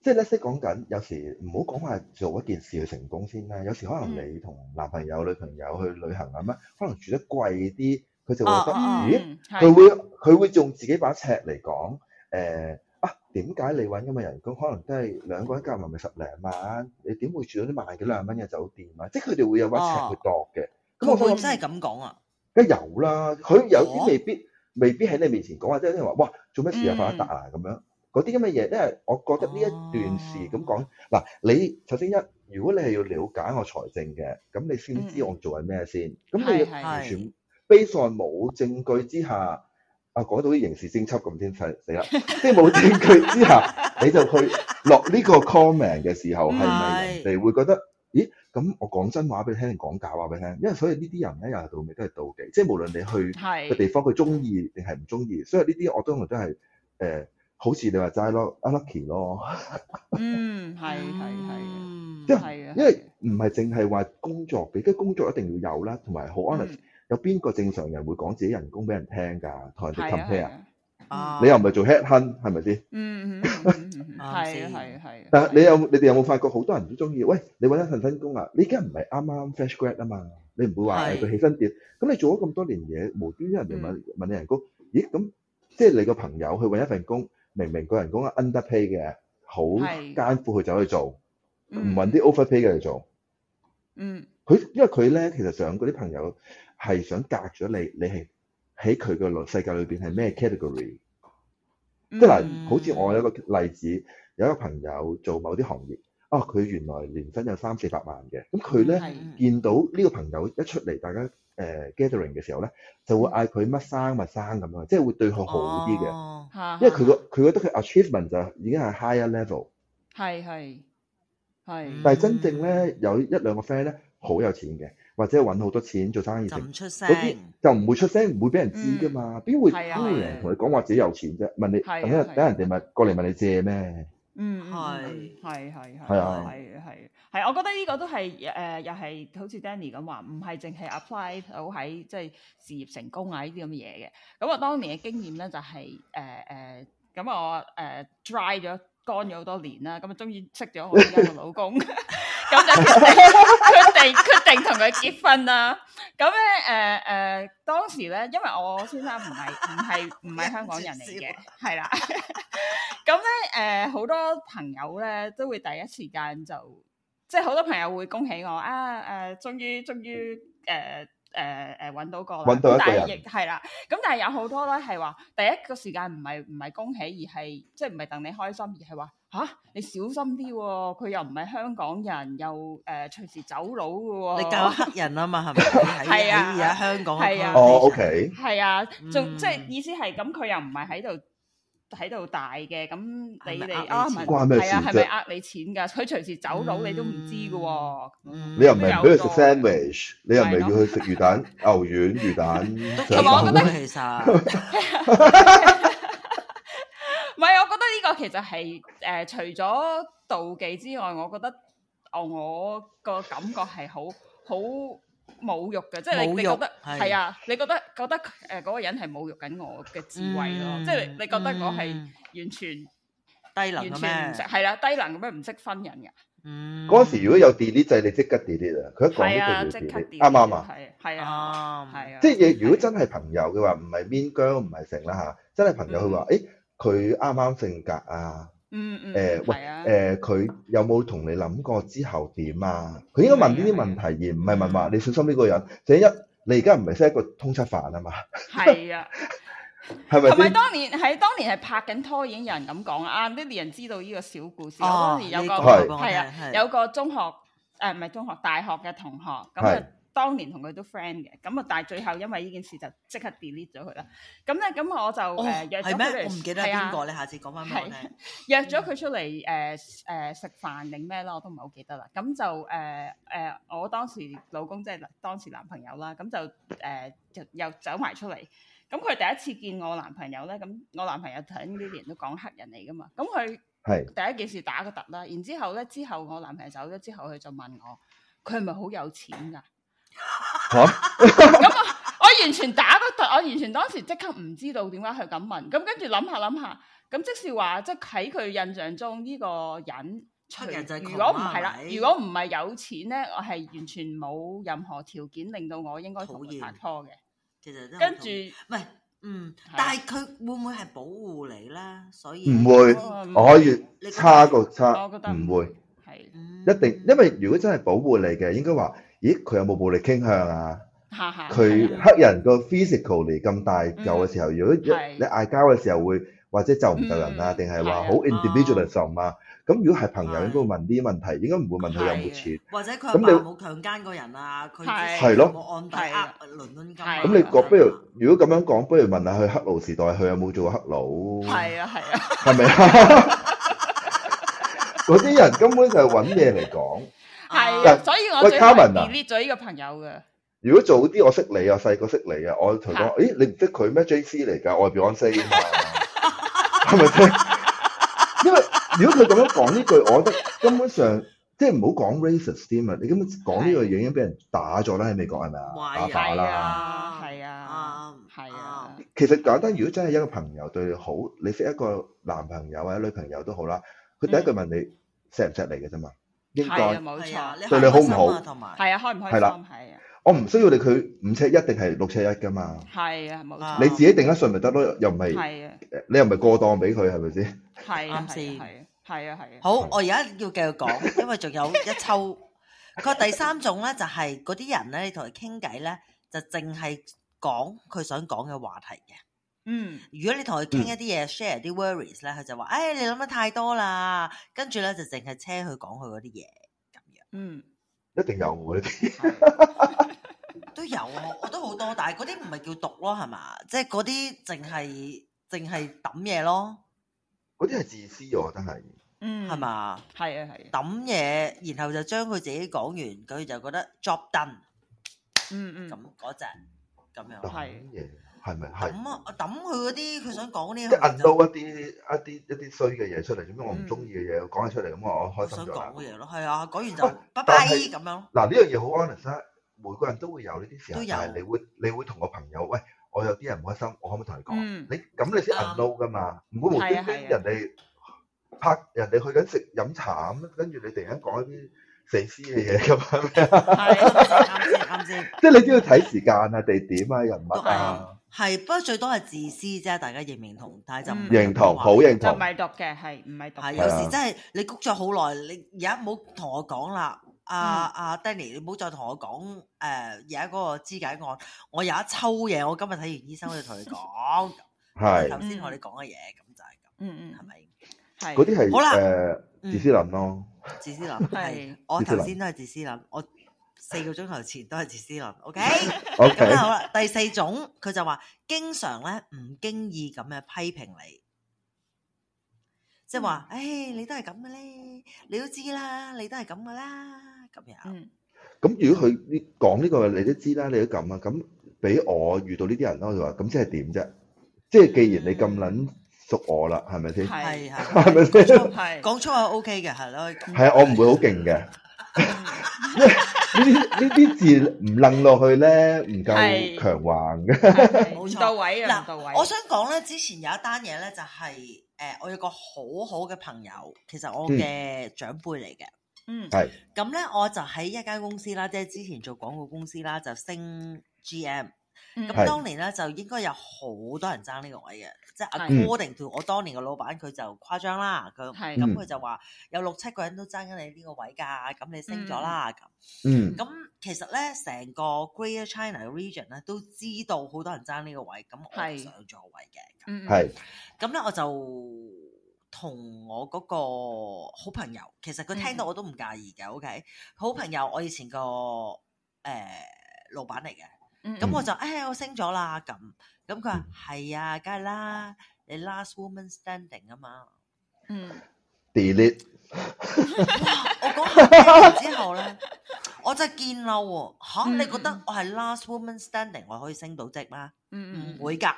即係咧，識講緊，有時唔好講話做一件事嘅成功先啦。有時可能你同男朋友、女朋友去旅行啊咩，可能住得貴啲，佢就會覺得、哦哦、咦？佢、嗯、會佢、嗯、會用自己把尺嚟講誒啊？點解你搵咁嘅人工？可能都係兩個人夾埋咪十零萬，你點會住到啲萬幾兩萬蚊嘅酒店啊？即係佢哋會有把尺去度嘅。咁啊、哦，佢真係咁講啊？梗有啦，佢有啲未必、哦、未必喺你面前講話，即係話哇，做乜事啊？發一達啊咁樣。嗰啲咁嘅嘢，因為我覺得呢一段事咁、啊、講，嗱你首先一，如果你係要了解我財政嘅，咁你先知我做緊咩先。咁、嗯、你完全 base 冇證據之下，啊講到啲刑事偵緝咁，先，死死啦！即係冇證據之下， 你就去落呢個 comment 嘅時候，係咪是人哋會覺得？咦，咁我講真話俾你聽定講假話俾你聽？因為所以呢啲人咧又係到尾都係妒忌，即、就、係、是、無論你去嘅地方，佢中意定係唔中意。所以呢啲我通常都係誒。呃好似你話齋咯，阿 lucky 咯。嗯，係係係。嗯，係啊，因為唔係淨係話工作嘅，跟住工作一定要有啦，同埋好 honest。有邊個正常人會講自己人工俾人聽㗎，同人哋 compare 啊？你又唔係做 head hun，係咪先？嗯嗯嗯，係啊係啊係啊。但係你有你哋有冇發覺好多人都中意？喂，你揾一份新工啊！你而家唔係啱啱 fresh grad 嘛？你唔會話做起薪點？咁你做咗咁多年嘢，無端端人哋問問你人工？咦咁？即係你個朋友去揾一份工。明明個人工係 underpay 嘅，好艱苦佢走去做，唔揾啲 overpay 嘅去做。嗯，佢因為佢咧，其實想嗰啲朋友係想隔咗你，你係喺佢嘅世界裏邊係咩 category？即係嗱，好似我有一個例子，有一個朋友做某啲行業。哦，佢原來年薪有三四百萬嘅，咁佢咧見到呢個朋友一出嚟，大家誒、uh, gathering 嘅時候咧，就會嗌佢乜生乜生咁、就是、樣，即、就、係、是、會對佢好啲嘅。哦、因為佢個佢覺得佢 achievement 就已經係 higher level。係係係。但係真正咧有一兩個 friend 咧好有錢嘅，或者揾好多錢做生意，就唔出聲。嗰啲就唔會出聲，唔會俾人知㗎嘛，邊、嗯、會嚟同你講話自己有錢啫？問你等人等人哋咪過嚟問你借咩？嗯，係，係，係，係，係係係，我覺得呢個都係，誒、呃，又係好似 Denny 咁話，唔係淨係 apply 到喺即係事業成功啊呢啲咁嘅嘢嘅。咁我當年嘅經驗咧就係誒誒咁我誒、呃、dry 咗乾咗好多年啦，咁啊終於識咗我而家嘅老公。 咁就決定 決定同佢結婚啦。咁咧誒誒，當時咧，因為我先生唔係唔係唔係香港人嚟嘅，係啦 是的。咁咧誒，好多朋友咧都會第一時間就，即係好多朋友會恭喜我啊！誒、啊，終於終於誒誒誒揾到個啦。揾到一個人係啦。咁但係有好多咧係話，第一個時間唔係唔係恭喜，而係即係唔係等你開心，而係話。吓你小心啲，佢又唔係香港人，又誒隨時走佬噶喎。你教黑人啊嘛，係咪？係啊，而家香港哦，O K，係啊，仲即係意思係咁，佢又唔係喺度喺度大嘅，咁你哋啊，唔係啊，係咪？呃你錢噶，佢隨時走佬，你都唔知噶喎。你又唔係去食 sandwich，你又唔係去食魚蛋牛丸魚蛋，同埋我覺得其實。我覺得呢個其實係誒，除咗妒忌之外，我覺得哦，我個感覺係好好侮辱嘅，即係你你覺得係啊？你覺得覺得誒，嗰個人係侮辱緊我嘅智慧咯，即係你覺得我係完全低能完全唔識？係啦，低能嘅咩？唔識分人嘅。嗯，嗰時如果有 delete 制，你即刻 delete 啊！佢一講佢就 delete 啱啱啊？係啊，係啊。即係如果真係朋友嘅話，唔係 mean girl 唔係成啦吓，真係朋友佢話誒。佢啱啱性格啊，誒喂、嗯，誒、嗯、佢、啊呃呃、有冇同你諗過之後點啊？佢應該問呢啲問題而唔係問話你小心呢個人。成一你而家唔係識一個通緝犯啊嘛？係 啊，係咪？同埋當年喺當年係拍緊拖已經有人咁講啊。呢啲人知道呢個小故事。哦、當時有個係啊，有個中學誒唔係中學大學嘅同學咁當年同佢都 friend 嘅，咁啊，但係最後因為呢件事就即刻 delete 咗佢啦。咁咧，咁我就誒、哦呃、約咗佢係咩？我唔記得邊個咧，下次講翻問你。是約咗佢出嚟誒誒食飯定咩啦？我都唔係好記得啦。咁就誒誒、呃，我當時老公即係當時男朋友啦。咁就誒、呃、又走埋出嚟。咁佢第一次見我男朋友咧，咁我男朋友喺呢啲人都講黑人嚟噶嘛。咁佢係第一件事打個突啦。然之後之後咧，之後我男朋友走咗之後，佢就問我：佢係咪好有錢㗎？咁，我我完全打個突，我完全當時即刻唔知道點解佢咁問，咁跟住諗下諗下，咁即是話，即係喺佢印象中呢個人，出如果唔係啦，如果唔係有錢咧，我係完全冇任何條件令到我應該好易拍拖嘅。其實跟住，唔係，嗯，但係佢會唔會係保護你啦？所以唔會，我可以，差個差，唔會，係，一定，因為如果真係保護你嘅，應該話。咦，佢有冇暴力傾向啊？佢黑人個 physical 嚟咁大，嚿嘅時候，如果一你嗌交嘅時候會，或者就唔就人啊？定係話好 individualism 啊？咁如果係朋友，應該會問啲問題，應該唔會問佢有冇錢，或者佢有冇強姦過人啊？佢有冇安撫鄰鄰家？咁你覺，不如如果咁樣講，不如問下佢黑奴時代，佢有冇做過黑奴？係啊係啊，係咪啊？嗰啲人根本就係揾嘢嚟講。係，啊、所以我最後 delete 咗呢個朋友嘅、啊。如果早啲我識你啊，細個識你啊，我同佢講，的咦，你唔識佢咩？J C 嚟噶，我 Beyoncé，係咪先？因為如果佢咁樣講呢句，我覺得根本上即係唔好講 racist e m 啊！你根本講呢個嘢已經俾人打咗啦，喺美國係咪啊？打靶啦，係啊，係啊。其實簡單，如果真係一個朋友對你好，你識一個男朋友或者女朋友都好啦，佢第一句問你錫唔錫你嘅啫嘛。嗯係啊，冇錯，對你好唔好？係啊，開唔開心？係啦，我唔需要你佢五尺一定係六尺一噶嘛。係啊，冇錯。你自己定一率咪得咯？又唔係？係啊。你又唔係過檔俾佢係咪先？係啱先，係啊，係啊。好，我而家要繼續講，因為仲有一抽。佢話第三種咧，就係嗰啲人咧，你同佢傾偈咧，就淨係講佢想講嘅話題嘅。嗯，如果你同佢傾一啲嘢，嗯、share 啲 worries 咧，佢就話，誒，你諗得太多啦。跟住咧就淨係聽佢講佢嗰啲嘢，咁樣。嗯，一定有我呢啲，都有啊，我都好多，但係嗰啲唔係叫毒咯，係嘛？即係嗰啲淨係淨係抌嘢咯。嗰啲係自私，我覺得係，嗯，係嘛吧，係啊，係抌嘢，然後就將佢自己講完，佢就覺得 job done。嗯嗯，咁嗰陣。嗯咁樣，係，係咪係？咁我抌佢嗰啲，佢想講嗰啲，即係 unload 一啲一啲一啲衰嘅嘢出嚟，做咩我唔中意嘅嘢，我講起出嚟，咁我我開心咗。想講嘅嘢咯，係啊，講完就拜拜咁樣。嗱呢樣嘢好 understand 每個人都會有呢啲時候，但係你會你會同個朋友，喂，我有啲人唔開心，我可唔可以同你講？你咁你先 unload 噶嘛，唔會無端端人哋拍人哋去緊食飲茶咁，跟住你突然間講一啲。自私嘅嘢咁啊！啱先，啱先，即係你都要睇時間啊、地點啊、人物啊，係不過最多係自私啫，大家認唔認同？但係就唔認同，好認同，唔係毒嘅，係唔係毒？係有時真係你谷咗好耐，你而家冇同我講啦，阿阿 Denny，你唔好再同我講誒而家嗰個肢解案，我有一抽嘢，我今日睇完醫生，我就同你講，係頭先我同你講嘅嘢，咁就係咁，嗯嗯，係咪？係嗰啲係誒自私論咯。自私諗係，是，我頭先都係自私諗，私我四個鐘頭前都係自私諗。OK、okay?，Okay. 好啦，第四種佢就話經常咧唔經意咁樣批評你，即係話，誒、嗯哎，你都係咁嘅咧，你都知啦，你都係咁嘅啦，咁樣。咁、嗯、如果佢呢講呢個，你都知啦，你都咁啊，咁俾我遇到我呢啲人咯，就話咁即係點啫？即係既然你咁捻。嗯捉我啦，係咪先？係係，係咪先？係講粗話 OK 嘅，係咯，係啊，我唔會好勁嘅。呢啲呢啲字唔掕落去咧，唔夠強橫嘅。冇到位啊！冇到位。我想講咧，之前有一單嘢咧，就係誒，我有個好好嘅朋友，其實我嘅長輩嚟嘅。嗯，係。咁咧，我就喺一間公司啦，即係之前做廣告公司啦，就升 GM。咁當年咧，就應該有好多人爭呢個位嘅，即係 according to 我當年嘅老闆，佢就誇張啦，佢咁佢就話有六七個人都爭緊你呢個位噶咁你升咗啦咁。咁其實咧，成個 Greater China region 咧都知道好多人爭呢個位，咁我上咗位嘅。係咁咧，我就同我嗰個好朋友，其實佢聽到我都唔介意嘅。OK，好朋友，我以前個誒老闆嚟嘅。咁、嗯嗯、我就，哎，我升咗啦，咁、嗯，咁佢話係啊，梗係啦，你 last woman standing 啊嘛，嗯，delete，我講完之後咧，我真係見嬲吓、啊啊，你覺得我係 last woman standing，我可以升到職咩？嗯唔會噶，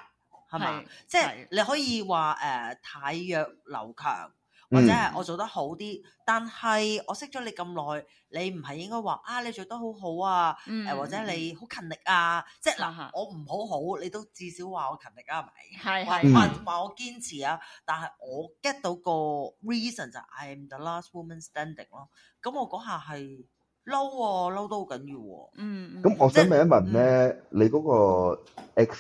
係嘛，即係你可以話誒、呃，汰弱留強。或者係我做得好啲，但係我識咗你咁耐，你唔係應該話啊？你做得好好啊！誒、嗯，或者你好勤力啊？即係嗱，就是嗯、我唔好好，你都至少話我勤力啊？係咪係話我堅持啊？但係我 get 到個 reason 就係、I am the last woman standing 咯。咁我嗰下係嬲喎，嬲都好緊要。嗯，咁、嗯嗯嗯、我想問一問咧，嗯、你嗰個 ex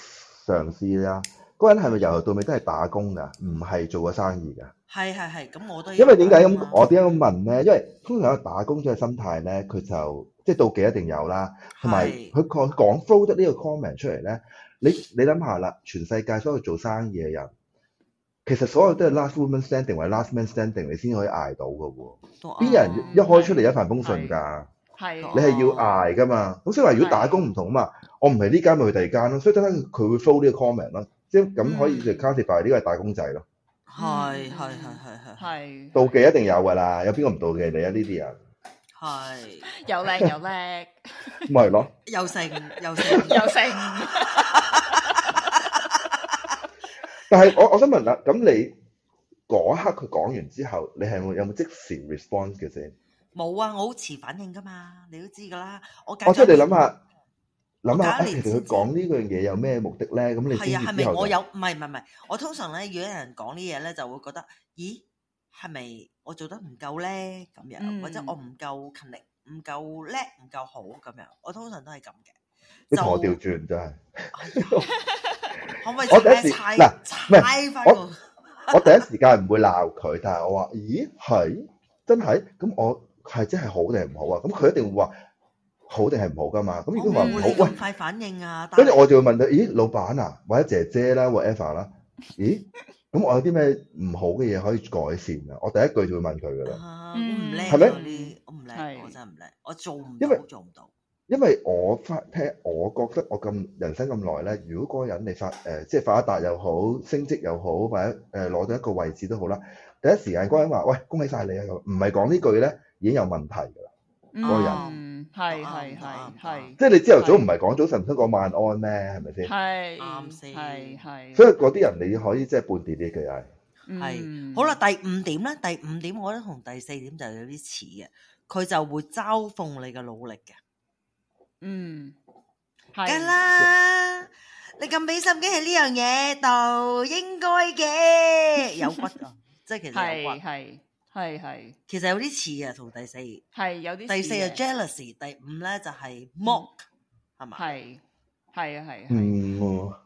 上司啦，嗰人係咪由頭到尾都係打工噶，唔係做過生意噶？係係係，咁我都因為點解咁我點解咁問咧？因為通常喺打工仔嘅心態咧，佢就即係、就是、妒忌一定有啦，同埋佢講 throw 得呢個 comment 出嚟咧。你你諗下啦，全世界所有做生意嘅人，其實所有都係 last woman standing 或 last man standing 你先可以捱到嘅喎。邊、oh，人一開出嚟一帆風順㗎？係你係要捱㗎嘛？咁所以話如果打工唔同啊嘛，的我唔係呢間咪去第二間咯。所以等等佢會 throw 呢個 comment 咯，即係咁可以就 classify 呢個係打工仔咯。嗯係係係係係，妒忌一定有噶啦，有邊個唔妒忌你啊？呢啲人係又靚又叻，咪係咯，又醒又醒又醒。但係我我想問啦，咁你嗰一刻佢講完之後，你係有冇即時 response 嘅先？冇啊，我好遲反應噶嘛，你都知噶啦。我我即係你諗下。諗下，佢講呢樣嘢有咩目的咧？咁你係啊，係咪我有？唔係唔係唔係，我通常咧，如果有人講呢嘢咧，就會覺得，咦，係咪我做得唔夠咧？咁樣或者我唔夠勤力，唔夠叻，唔夠好咁樣，我通常都係咁嘅。一錯掉轉真係，可唔可以？我第一時嗱，唔係我我第一時間唔會鬧佢，但係我話，咦，係真係？咁我係真係好定係唔好啊？咁佢一定會話。好定係唔好噶嘛？咁如果話唔好，喂，快反應啊。跟住我就會問佢，咦，老闆啊，或者姐姐啦，或者 Eva 啦，咦？咁我有啲咩唔好嘅嘢可以改善啊？我第一句就會問佢噶啦。我唔叻係咪？我唔叻，我真係唔叻，我做唔到，做唔到。因為我發聽，我覺得我咁人生咁耐咧，如果嗰個人你發誒，即係發達又好，升職又好，或者誒攞到一個位置都好啦，第一時間嗰個人話，喂，恭喜曬你啊！唔係講呢句咧，已經有問題噶啦，嗰個人。係係係係，即係你朝頭早唔係講早晨，唔通講晚安咩？係咪先？係啱先，係係。所以嗰啲人你可以即係半跌，點嘅嘢。係、嗯、好啦，第五點咧，第五點我覺得同第四點就有啲似嘅，佢就會嘲諷你嘅努力嘅。嗯，係啦，是你咁俾心機喺呢樣嘢度，應該嘅有骨噶， 即係其實係係。係係，其實有啲似嘅，同第四係有啲。第四係 jealousy，第五咧就係 mock，係嘛？係係啊係。嗯，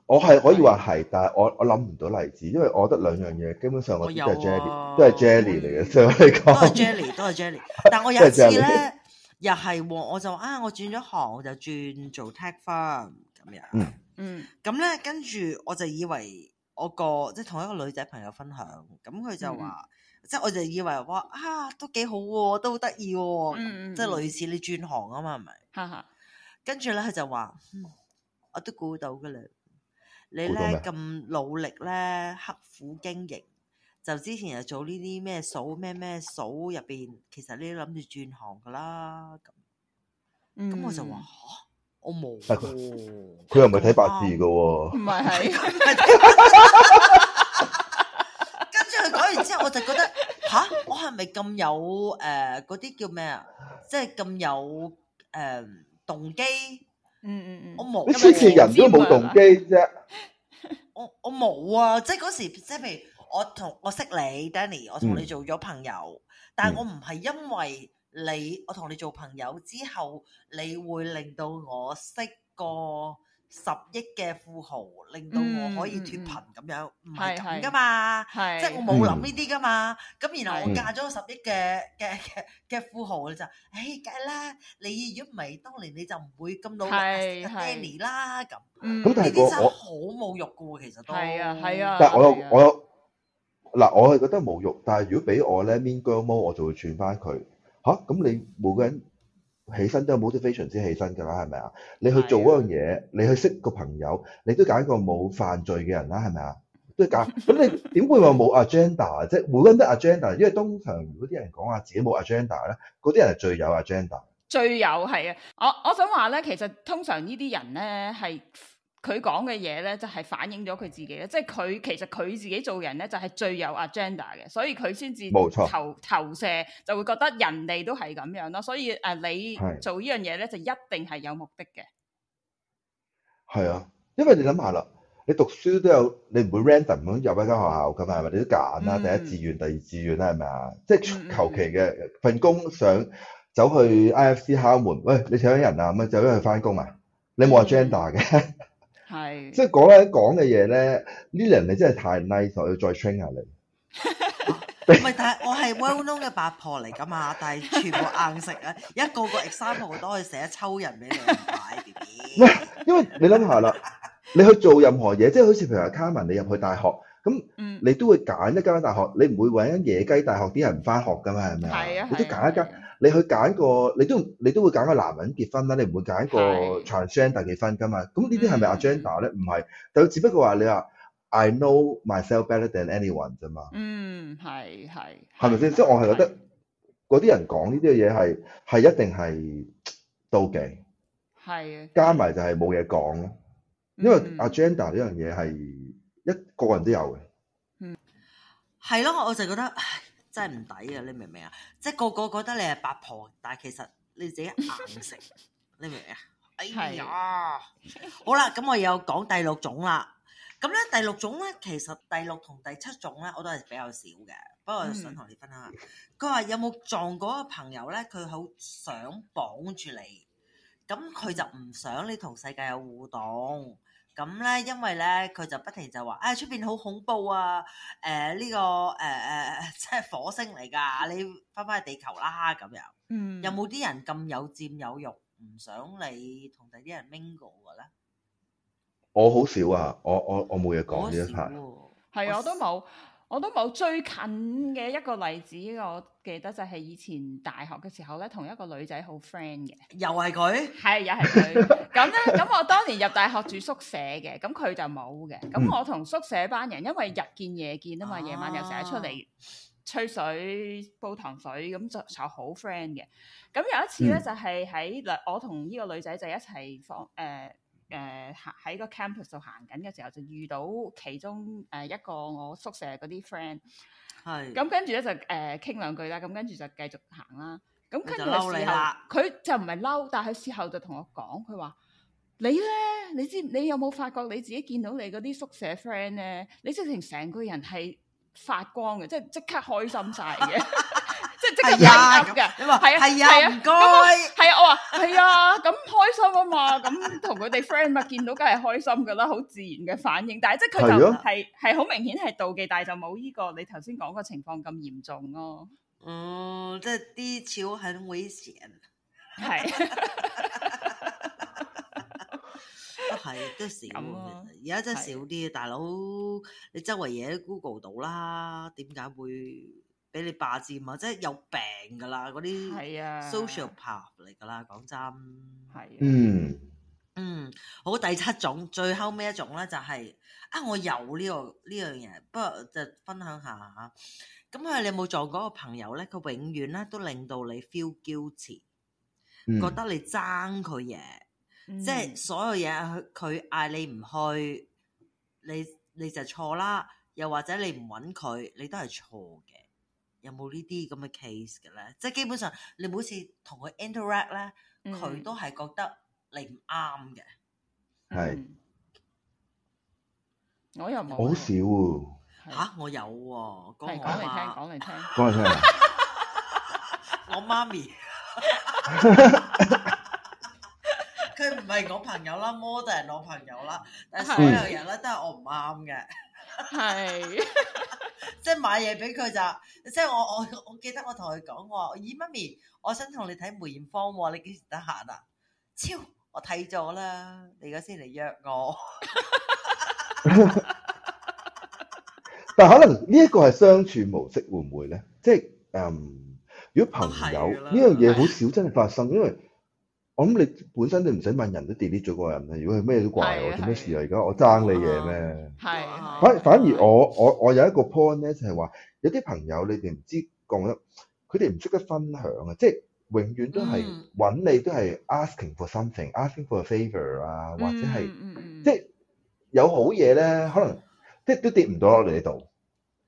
我係可以話係，但係我我諗唔到例子，因為我得兩樣嘢，基本上我都係 jelly，都係 jelly 嚟嘅。所以嚟講，都係 jelly，都係 jelly。但係我有一次咧，又係，我就啊，我轉咗行，我就轉做 tech firm 咁樣。嗯嗯，咁咧跟住我就以為我個即係同一個女仔朋友分享，咁佢就話。即係我就以為哇啊都幾好喎、啊，都好得意喎，嗯嗯嗯即係類似你轉行啊嘛，係咪？哈哈跟住咧，佢就話、嗯：，我都估到噶啦，你咧咁努力咧，刻苦經營，就之前又做呢啲咩數咩咩數入邊，其實你都諗住轉行噶、啊、啦。咁咁、嗯、我就話、啊：，我冇。佢、啊、又唔係睇八字噶喎、啊。唔係係。 咁有誒嗰啲叫咩？呃，啊？即係咁有誒動機，嗯嗯嗯，我冇。啲黐線人，都冇動機啫。我我冇啊！即係嗰時，即係譬如我同我識你 Denny，我同你做咗朋友，嗯，但係我唔係因為你，我同你做朋友之後，你會令到我識個。十億嘅富豪，令到我可以脫貧咁樣，唔係咁噶嘛，即係我冇諗呢啲噶嘛。咁然後我嫁咗個十億嘅嘅嘅富豪啦就，哎，梗係啦，你如果唔係，當年你就唔會咁努力搵爹哋啦咁。咁呢啲真係好侮辱噶喎，其實都。係啊，係啊。但係我我嗱，我係覺得侮辱，但係如果俾我咧，mean girl mode，我就會串翻佢。吓，咁你每個人？起身都冇 motivation 非常之起身噶啦，係咪啊？你去做嗰樣嘢，的你去識個朋友，你都揀個冇犯罪嘅人啦，係咪啊？即係揀，咁你點會話冇 agenda 啊？即係冇乜得 agenda，因為通常如果啲人講自己冇 agenda 咧，嗰啲人係最有 agenda。最有係啊！我我想話咧，其實通常呢啲人咧係。佢講嘅嘢咧，就係反映咗佢自己咧，即係佢其實佢自己做人咧，就係最有 agenda 嘅，所以佢先至投，冇錯，投射就會覺得人哋都係咁樣咯。所以誒，你做呢樣嘢咧，就一定係有目的嘅。係啊，因為你諗下啦，你讀書都有你唔會 random 咁入一間學校㗎嘛？係咪你都揀啦？第一志願、第二志願啦，係咪啊？即係求其嘅份工，想走去 I F C 敲門，喂，你請緊人啊？咁啊，走咗去翻工啊？你冇話 agenda 嘅。嗯係，即係講咧講嘅嘢咧，呢兩個人真係太 nice，我要再 train 下你。唔係，但係我係 well known 嘅八婆嚟噶嘛，但係全部硬食啊，一個個 example 都可以寫抽人俾你。唔係，唔係，因為你諗下啦，你去做任何嘢，即係好似譬如話 Carmen，你入去大學咁，你都會揀一間大學，你唔會搵一間野雞大學啲人唔翻學噶嘛，係咪啊？你都揀一間。你去揀個，你都你都會揀個男人結婚啦，你唔會揀個 transgender 結婚噶嘛？咁的呢啲係咪 agenda 咧？唔係、mm hmm.，但佢只不過話你話，I know myself better than anyone 啫嘛。嗯、mm，係、hmm. 係。係咪先？即係我係覺得嗰啲人講呢啲嘢係係一定係妒忌。係、mm。Hmm. 加埋就係冇嘢講咯，因為 agenda 呢樣嘢係一個人都有嘅。嗯、mm，係、hmm. 咯，我就覺得。真係唔抵啊！你明唔明啊？即係個個覺得你係八婆，但係其實你自己硬食， 你明唔明啊？ 哎呀！ 好啦，咁我又講第六種啦。咁咧第六種咧，其實第六同第七種咧，我都係比較少嘅。不過我想同你分享下，嗯，佢話有冇撞過一個朋友咧？佢好想綁住你，咁佢就唔想你同世界有互動。咁咧，因為咧佢就不停就話，唉，出邊好恐怖啊！誒、呃、呢、這個誒誒即係火星嚟噶，你翻返去地球啦、啊、咁樣。嗯。有冇啲人咁有佔有欲，唔想你同第啲人 mingle 嘅咧？我好少啊，我我我冇嘢講呢一排。係啊，我都冇。我都冇。最近嘅一個例子，我記得就係以前大學嘅時候咧，同一個女仔好 friend 嘅。又係佢，係又係佢。咁咧，咁我當年入大學住宿舍嘅，咁佢就冇嘅。咁我同宿舍班人因為日見夜見啊嘛，夜晚又成日出嚟吹水煲糖水，咁就就好 friend 嘅。咁有一次咧，就係、是、喺、嗯、我同呢個女仔就一齊放誒。呃誒，行喺、呃、個 campus 度行緊嘅時候，就遇到其中誒一個我宿舍嗰啲 friend，係咁跟住咧就誒傾、呃、兩句啦，咁跟住就繼續行啦。咁跟住嘅時候，佢就唔係嬲，但係佢事後就同我講，佢話你咧，你知你有冇發覺你自己見到你嗰啲宿舍 friend 咧，你直情成個人係發光嘅，即係即刻開心晒嘅。 即即刻俾答嘅，係啊係啊，唔該，係啊，我話係啊，咁開心啊嘛，咁同佢哋 friend 咪見到，梗係開心噶啦，好自然嘅反應。但係即係佢就係係好明顯係妒忌，的但係就冇呢個你頭先講個情況咁嚴重咯。哦、嗯，即啲潮很危險，係是 都係都少，而家、啊、真係少啲。大佬的，的你周圍嘢都 Google 到啦，點解會？俾你霸佔啊！即係有病噶啦，嗰啲 sociopath 嚟噶啦。講真、嗯，係嗯嗯好第七種，最後尾一種咧，就係、是、啊，我有呢、這個呢樣嘢，不過就分享下嚇。咁啊，你冇做嗰個朋友咧，佢永遠咧都令到你 feel guilty，覺得你爭佢嘢，即係、嗯、所有嘢佢嗌你唔去，你你就錯啦。又或者你唔揾佢，你都係錯嘅。有冇呢啲咁嘅 case 嘅咧？即係基本上，你每次同佢 interact 咧，佢都係覺得你唔啱嘅。係，我又冇好少。吓，我有喎，講嚟聽，講嚟聽，講嚟聽。我媽咪，佢唔係我朋友啦，model 係我朋友啦，但係所有人咧都係我唔啱嘅。係，即係 買嘢俾佢就是，即係我我我記得我同佢講，我話，咦，媽咪，我想同你睇梅艷芳，你幾時得閒啊？超，我睇咗啦，你而家先嚟約我。 但可能呢一個係相處模式會唔會咧？即係，嗯，如果朋友呢樣嘢好少真係發生，的因為。我諗你本身你唔使問人都 delete 咗個人啦。如果佢咩都怪我，做咩事啊？而家我爭你嘢咩？係。反反而我我我有一個 point 咧，就係話有啲朋友你哋唔知講得，佢哋唔識得分享啊，即係永遠都係搵你都係 asking for something，asking for a favor 啊，或者係，即係有好嘢咧，可能即係都跌唔到落嚟呢度，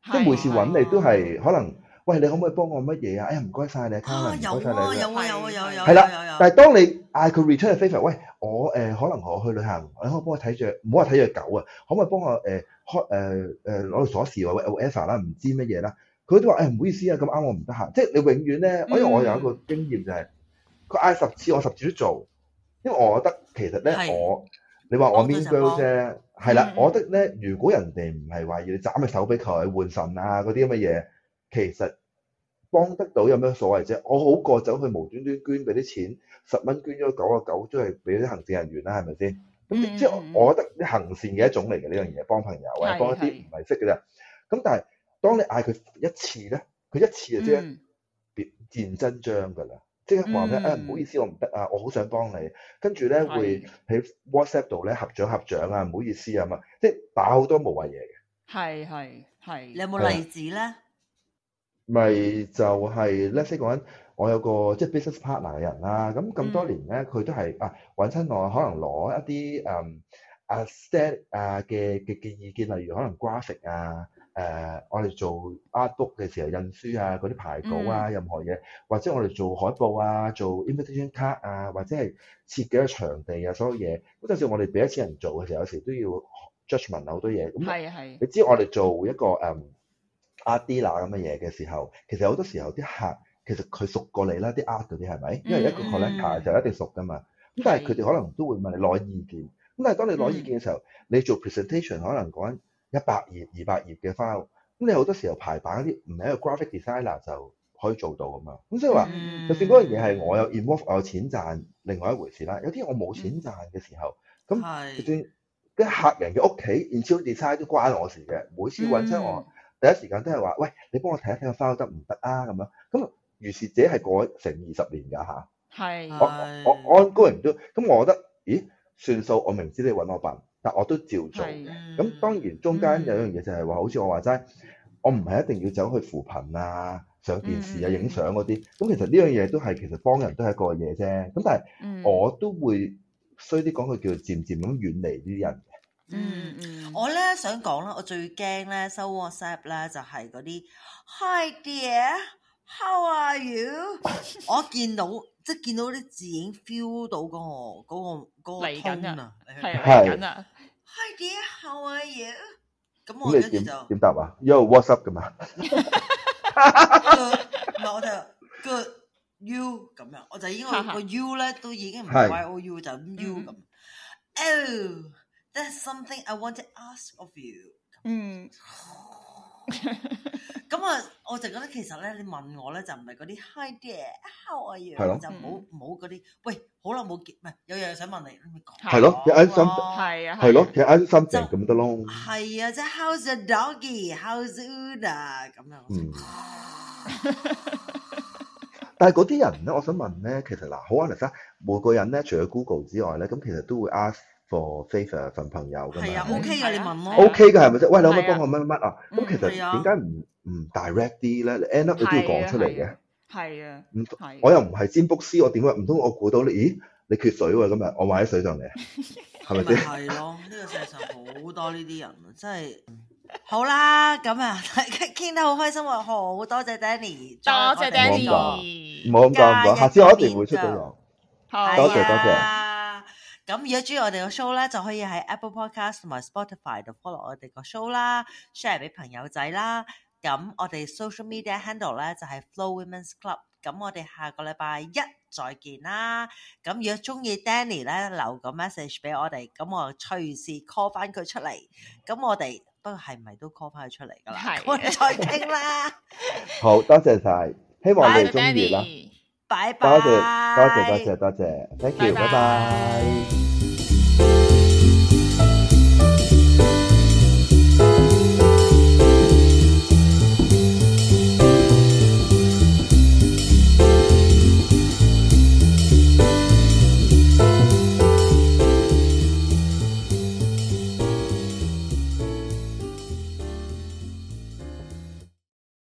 即係每次搵你都係可能。喂，你可唔可以幫我乜嘢啊？哎呀，唔該晒你，Carmen 唔該晒你、啊。有啊，有啊，有啊，有啊的有、啊。啦，有、啊、有、啊。但係當你嗌佢 return 嘅 favor，喂，我誒、呃、可能我去旅行，你可以幫我睇住，唔好話睇著狗啊，可唔可以幫我誒、呃、開誒誒攞到鎖匙或者 e r 啦？唔知乜嘢啦。佢都話誒唔好意思啊，咁啱我唔得閒。即係你永遠咧，嗯、因為我有一個經驗就係、是，佢嗌十次我十次都做，因為我覺得其實咧、嗯、我你話我 mean girl 啫，係啦，嗯嗯、我覺得咧如果人哋唔係話要你斬隻手俾佢換腎啊嗰啲咁嘅嘢。其實幫得到有咩所謂啫？我好過走去無端端捐俾啲錢，十蚊捐咗九個九，都係俾啲行政人員啦，係咪先？咁即係我覺得呢行善嘅一種嚟嘅呢樣嘢，幫朋友或者幫一啲唔係識嘅啦。咁是是 但係當你嗌佢一次咧，佢一次就即刻現真章噶啦，嗯、即刻話咩啊？哎，唔好意思，我唔得啊，我好想幫你，跟住咧會喺 WhatsApp 度咧合掌合掌啊，唔好意思啊嘛，即係打好多無謂嘢嘅。係係係，你有冇例子咧？咪就係，是，let's say 講緊，我有個即係 business partner 嘅人啦。咁咁多年咧，佢，嗯、都係啊，揾親我，可能攞一啲誒誒 set 啊嘅嘅嘅意見，例如可能 graphic 啊，誒我哋做 artbook 嘅時候印書啊，嗰啲排稿啊，任何嘢，嗯、或者我哋做海報啊，做 invitation card 啊，或者係設計個場地啊，所有嘢。咁就算我哋俾一次人做嘅時候，有時都要 judgement 好多嘢。係啊係。你知我哋做一個誒，Um, 阿 Dina 咁嘅嘢嘅時候，其實好多時候啲客其實佢熟過你啦，啲 artist 係咪？因為一個 collaborator 就一定熟噶嘛。咁、mm hmm. 但係佢哋可能都會問你攞意見。咁但係當你攞意見嘅時候，mm hmm. 你做 presentation 可能講一百頁、二百頁嘅 file，咁你好多時候排版啲唔係一個 graphic designer 就可以做到噶嘛。咁所以話，mm hmm. 就算嗰樣嘢係我有 involve，我有錢賺，另外一回事啦。有啲我冇錢賺嘅時候，咁、mm hmm. 就算啲客人嘅屋企 visual、mm hmm. design 都關我事嘅，每次揾親我。Mm hmm. mm hmm. 第一時間都係話，喂，你幫我睇一睇個花得唔得啊？咁樣咁如是者係過咗成二十年噶吓。係的。我我個人都咁，to, 我覺得，咦，算數，我明知你搵我笨，但我都照做嘅。咁的當然中間有一樣嘢就係話，嗯、好似我話齋，我唔係一定要走去扶貧啊、上電視啊、影相嗰啲。咁、嗯、其實呢樣嘢都係其實幫人都係個嘢啫。咁但係我都會、嗯、衰啲講佢叫做漸漸咁遠離啲人。嗯嗯，我咧想講啦，我最驚咧收 WhatsApp 咧就係嗰啲 Hi dear，how are you？我見到即係見到啲字已經 feel 到嗰、嗰個嗰個嗰個嚟緊啊，嚟緊啊！Hi dear，how are you？咁我跟住就點答啊？Yo WhatsApp 㗎嘛，唔係我就 Good you 咁樣，我就因為個 U 咧都已經唔係 y O U，就 y o U 咁。That's something I want to ask of you。嗯。咁啊，我就覺得其實咧，你問我咧就唔係嗰啲 Hi there，how are you？係咯。就冇冇嗰啲，喂，好耐冇見，唔係有樣嘢想問你，你咪講。係咯，一啲心，係啊，係咯，其實一啲心直咁得咯。係啊，即係 How's the doggy？How's the 咁啊。嗯。但係嗰啲人咧，我想問咧，其實嗱，好 Alex 啊，每個人咧，除咗 Google 之外咧，咁其實都會 ask。for favour 份朋友咁樣，O K 噶，你問咯，O K 噶係咪先？喂，你可唔可以幫我乜乜乜啊？咁其實點解唔唔 direct 啲咧？你 end up 都要講出嚟嘅，係啊，唔，我又唔係占卜師，我點解唔通我估到你？咦，你缺水喎今日，我買喺水上嚟。係咪先？係咯，呢個世上好多呢啲人，啊，真係好啦，咁啊，大家傾得好開心喎，好多謝 Danny，多謝 Danny，唔好咁講唔好講，下次我一定會出到洋，多謝多謝。咁如果中意我哋個 show 咧，就可以喺 Apple Podcast 同埋 Spotify 度 follow 我哋個 show 啦，share 俾朋友仔啦。咁我哋 social media handle 咧就係 Flo Women's Club。咁我哋下個禮拜一再見啦。咁如果中意 Denny 咧，留個 message 俾我哋，咁我隨時 call 翻佢出嚟。咁我哋不過係唔係都 call 翻佢出嚟噶啦？係，我哋再傾啦。好多謝晒，希望你哋中意啦。多謝多謝多謝多謝，Thank you，拜拜。